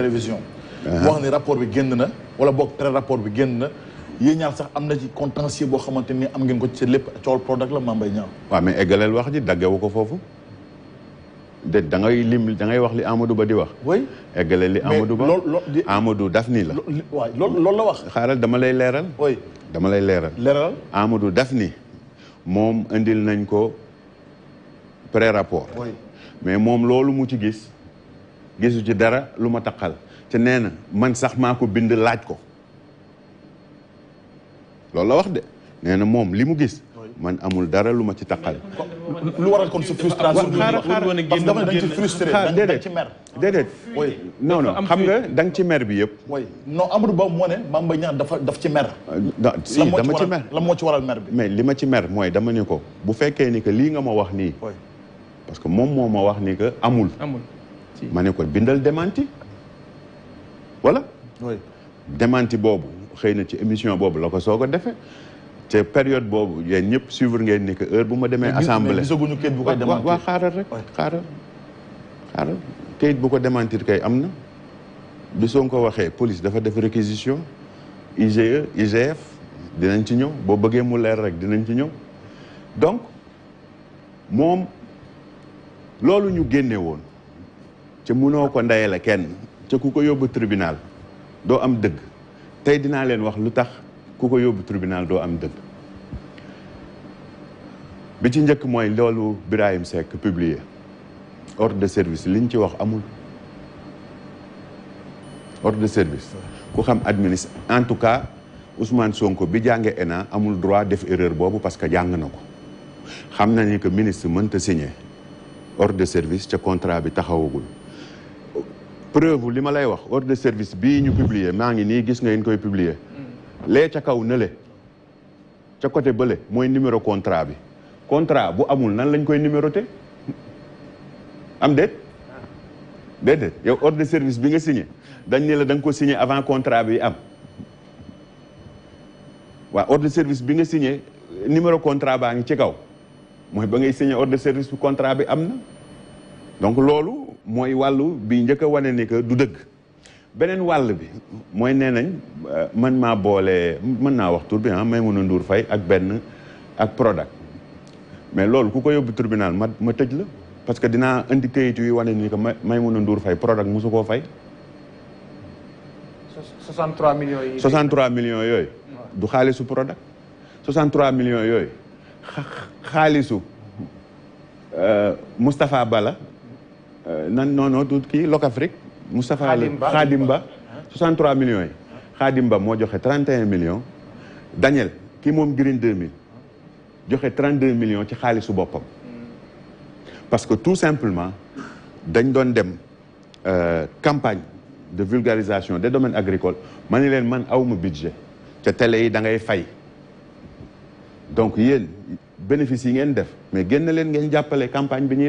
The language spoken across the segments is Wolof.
télévision uh-huh. wax ni rapport bi genn na wala bok très rapport bi genn na ye ñaar sax amna ci contentieux bo xamanteni am ngeen ko ci lepp ciol product la Mame Mbaye Niang waaw mais égalel wax ji dagge wuko fofu de da ngay lim da ngay wax li Amadou Ba di wax oui égalel li Amadou Ba Amadou daf nii la waaw lool la wax xaaral dama lay leeral oui dama lay leeral leeral Amadou daf ni moom indil nañ ko pré rapport mais mom loolu mu ci gis gisu ci dara luma takal taqal te nee man sax mako bind laaj ko lolou la wax de neena mom limu gis man amul dara luma ci takal lu waral kon su frustration. xaaral xaaral parce que dama dañ ci frustré dañ ci mer. dedet oui non non xam nga dang ci mer bi yëpp. oui non Amadou Ba moone ne Mame Mbaye dafa daf ci mer. si dama ci mer la mo ci waral mer bi. mais lima ci mer moy dama ni ko bu fekkee ni que li nga ma wax nii. parce que mom moma wax ni que amul. amul. ma ne ko bindal démenti voilà démenti boobu xëy na ci émission boobu la ko soog a defe te période boobu yéen ñëpp suivre ngeen ni que heure bu ma demee assemblée gisaguñu kayit bu koy démentir waaw xaaral rek xaaral xaaral kayit bu ko démentir kay am na bi soo ko waxee police dafa def réquisition IGE IGF dinañ ci ñëw boo bëggee mu leer rek dinañ ci ñëw donc moom loolu ñu génne woon ci mëno ko ndayale kenn ci kuko yobbu tribunal do am deug tay dina len wax lutax kuko yobbu tribunal do am deug bi ci ñëk moy lolu ibrahim sek publier ordre de service liñ ci wax amul ordre de service ku xam administ en tout cas Ousmane Sonko bi jangé ENA amul droit def erreur bobu parce que jang nako xam nañ ni que ministre ta signer ordre de service ci contrat bi taxawugul preuve li ma lay wax ordre de service bii ñu publier maa ngi nii gis nga yéen koy publier lee ca kaw nële ca côté bële mooy numéro contrat bi contrat bu amul nan lañ koy numéroté am déet déedéet yow ordre service bi nga signé dañ ne la da ko signé avant contrat bi am waaw ordre service bi nga signé numéro contrat baa ngi ci kaw mooy ba ngay signé ordre service bi contrat bi am na donc loolu mooy wàllu bi njëkk a wane ni que du dëgg beneen wàll bi mooy nee nañ euh, man maa boole mën naa wax tur bi ah Maimouna Ndour Faye ak benn ak Prodac mais loolu ku ko yóbbu tribunal ma ma tëj la parce que dinaa indi kayit yu wane ni que Maimouna Ndour Faye Prodac mosu koo fay. 63 millions yi. 63 millions yooyu. du xaalisu Prodac 63 millions yooyu xaalisu euh, Moustapha Bala. Euh, non, non non tout qui est Moustapha Moussa Khadimba, 63 millions Khadimba, moi, j'ai 31 millions Daniel m'a moom Green 2000 J'ai 32 millions ci le boppam parce que tout simplement dans doon euh, campagne de vulgarisation des domaines agricoles je n'ai pas man budget te télé yi donc il bénéfice mais vous avez fait la campagne bi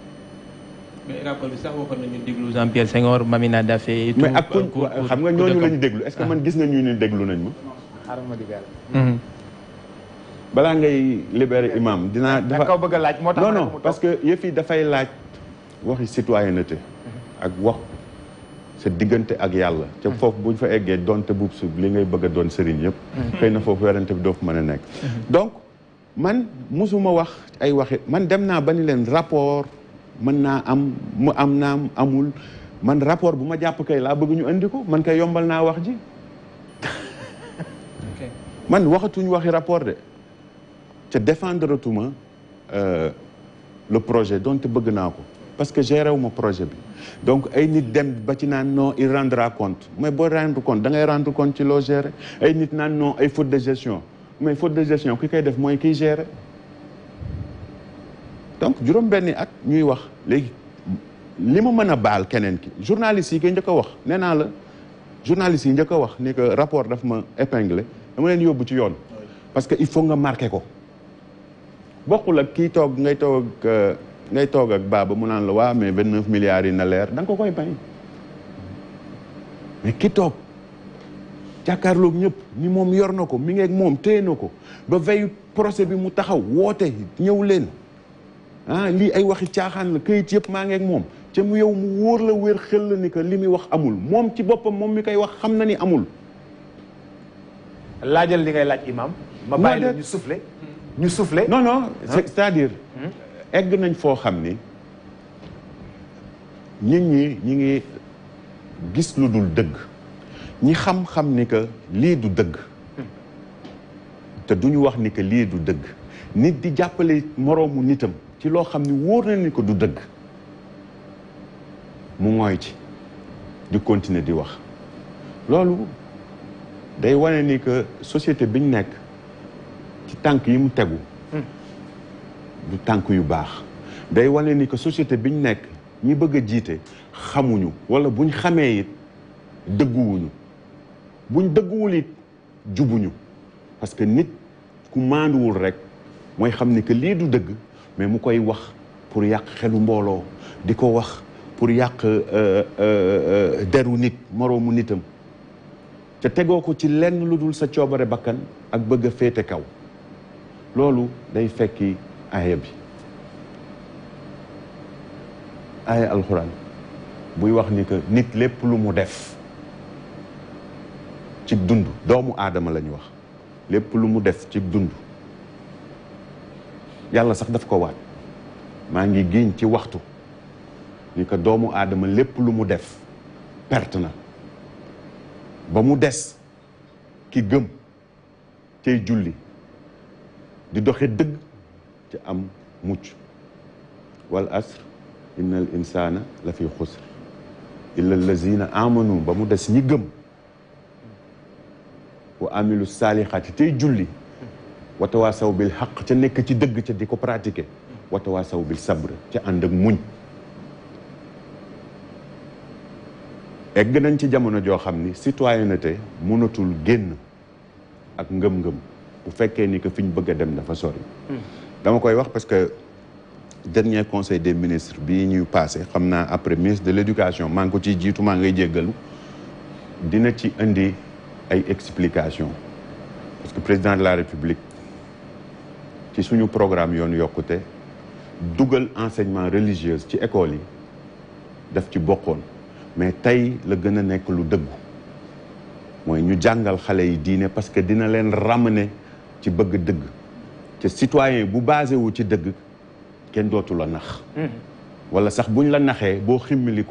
mais rapport bi sax waxoon nañu déglu Jean Pierre Senghor Mamina Daffé. xam nga ñooñu la ñu déglu est-ce que man gis nga ñu ne déglu nañ ma. Mhm. balaa ngay libérer imam dinaa. dafa kaw laaj moo tax non parce que yëf yi dafay laaj waxi citoyenneté. ak wax sa diggante ak yàlla. ca mhm. foofu buñ fa eggee donte buub su li ngay bëgga doon sëriñ yëpp. Mhm. xëy na foofu werante bi doo fa mën a nekk. donc man musuma wax ay waxi man dem naa ba ni leen rapport. mën am mu am nam amul man rapport bu ma jàpp kay la bëgg ñu andi ko man kay yombal na wax ji man ñu waxi rapport de te défendre tuma euh, le projet donte bëgg naa ko parce que géré wu ma projet bi donc ay nit dem ba ci naan non il rendra compte mais boo rendre compte da ngay rendre compte ci lo gérer ay nit naan non ay faute de gestion mais faute de gestion ki kay def moy ki géré donc juróom-benni at ñuy wax léegi li mu mën a baal keneen ki journaliste yi kay njëkk wax nee naa la journaliste yi njëkk a wax ni que rapport daf ma épinglé dama leen yóbbu ci yoon parce que il faut nga marqué ko bokkul ak kii toog ngay toog euh, ngay toog ak baaba mu naan la waa amee vingt neuf milliards yi na leer danga ko koy bañ ki toog jàkkaarloog ñëpp ni moom yor na ko mi ngeeg moom téye na ko ba veyu procès bi mu taxaw woote ñëw leen ah lii ay waxi caaxaan la kayit yëpp maa ngi moom ca mu yow mu wóor la wér xel la ni que li muy wax amul moom ci boppam moom mi koy wax xam na ni amul. laajal li ngay laaj imam ma bàyyi la ñu soufflé ñu soufflé nono non cest hmm? egg nañ foo xam ni ñi ñi ñi ngi gis lu dul dëgg ñi xam-xam ni que lii du dëgg hmm. te duñu wax ni que lii du dëgg nit di jàppale moroomu nitam ci loo xam ni wóor na ni ko du dëgg mu mooy ci du continuer di wax loolu day wane ni que société ñu nekk ci tànk yi mu tegu du tànk yu baax day wane ni que société ñu nekk ñi bëgg a jiite xamuñu wala buñ xamee it dëgguwuñu buñ dëgguwul it jubuñu parce que nit ku maanduwul rek mooy xam ni que lii du dëgg mais mu koy wax pour yàq xelu mbooloo di ko wax pour yàq euh, euh, euh, deru nit moroomu nitam te tegoo ko ci lenn lu dul sa coobare bakkan ak bëgg féete kaw loolu day fekki aaya bi aaya alxuraan buy wax ni que nit lépp lu mu def ci dund doomu aadama la ñu wax lépp lu mu def ci dund يلا صاح داف كو وات ماغي غين تي وقتو نيكا دومو ادم ليپ لومو ديف بيرتنا بامو ديس كي گم تي جولي دي دوخي دغ تي ام موچ والاسر ان الانسان لفي خسر الا الذين امنوا بامو ديس ني گم وعملوا الصالحات تي جولي watawaasaw bil xaq ca nekk ci dëgg ca di ko pratiquer watawaasaw bil sabr ca ànd ak muñ egg nañ ci jamono joo xam ni citoyenneté mënatul génn ak ngëm-ngëm bu fekkee ni que fiñ bëgg a dem dafa sori. Hmm. dama koy wax parce que dernier conseil des ministres bi ñuy passé xam naa après ministre de l'éducation maa ngi ko ci jiitu maa ngay jéggalu dina ci indi ay explications parce que président de la république ci suñu programme yoonu yokkute dugal enseignement religieuse ci école yi daf ci bokkoon mais tay le gëna nek lu dëggu moy ñu jàngal xalé yi diiné parce que dina leen ramener ci bëgg dëgg ci citoyen bu basé wu ci dëgg kenn dootu la nax mm-hmm. wala sax buñ la naxé bo ximmili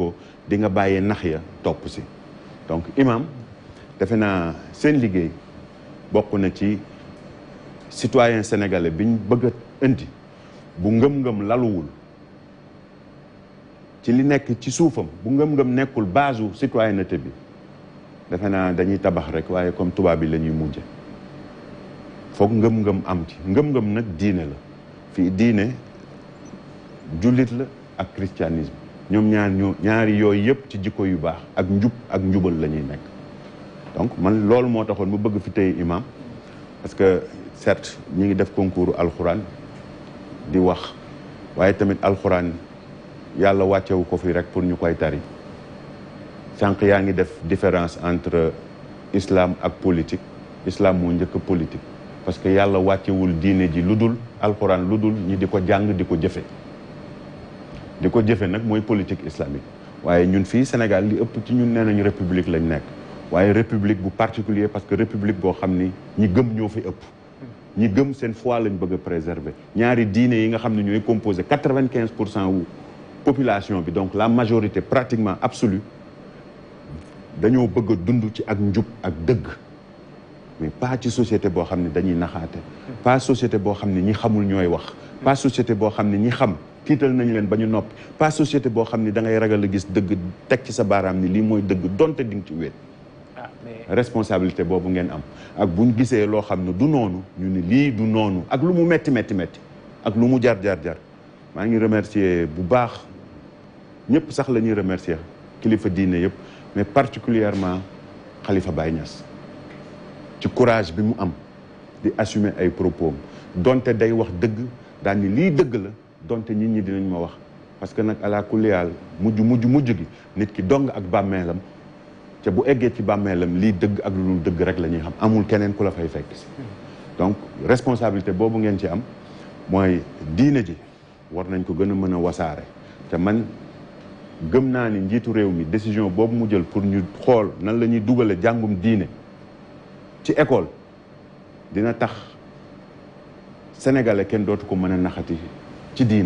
di nga bayé nax ya top ci donc imam defe naa seen liggéey bokku na ci citoyen sénégalais biñ bëgg a bu ngëm-ngëm laluwul ci li nekk ci suufam bu ngëm-ngëm nekkul base u citoyenneté bi defe naa dañuy tabax rek waaye comme tubaab bi lañuy ñuy mujje foog ngëm-ngëm am ci ngëm-ngëm nag diine la fii diine jullit la ak christianisme ñoom ñaar ñoo ñaari yooyu yëpp ci jikko yu baax ak njub ak njubal lañuy ñuy nekk donc man loolu moo taxoon mu bëgg fi imam parce que certes ñi ngi def concours alxuraan di wax waaye tamit alxuraan yàlla wàccewu ko fi rek pour ñu koy tari sànq yaa ngi def différence entre islam ak politique islam moo njëkk politique parce que yàlla wàccewul diine ji lu dul alxuraan lu dul ñi di ko jàng di ko jëfe di ko jëfe nag mooy politique islamique waaye ñun fii Sénégal li ëpp ci ñun nee nañu république lañ nekk waaye république bu particulier parce que république boo xam ni ñi gëm ñoo fi ëpp Ni gëm seen foi lañ bëgg préserver ñaari diine yi nga xam ne ñooy composé quatre wu population bi donc la majorité pratiquement absolue dañoo bëgg a dund ci ak njub ak dëgg mais pas ci société bo xam ne dañuy naxaate pas société bo xam ne ñi xamul ñooy wax pas société bo xam ne ñi xam tiital nañ leen bañu ñu pas société bo xamni da ngay ragal a gis dëgg tek ci sa baram ni li moy dëgg donte di ci wéet responsabilité boobu ngeen am ak buñ gisee loo xam ne du noonu ñu ni lii du noonu ak lu mu metti metti metti ak lu mu jar jar jar maa ngi remercier bu baax ñëpp sax lañuy ñuy remercier kilifa diine yëpp mais particulièrement Khalifa Baye Niass ci courage bi mu am di assumer ay propos donte day wax dëgg daal ni lii dëgg la donte nit ñi dinañ ma wax parce que nag ala kulli mujj mujj mujj gi nit ki dong ak bàmmeelam te bu eggee ci bàmmeelam lii dëgg ak lu dul dëgg rek la ñuy xam amul keneen ku la fay fekk si donc responsabilité boobu ngeen ci am mooy diine ji war nañ ko gën a mën a wasaare te man gëm naa ni njiitu réew mi décision boobu mu jël pour ñu xool nan la ñuy dugale jàngum diine ci école dina tax sénégalais kenn dootu ko mën a naxati ci diine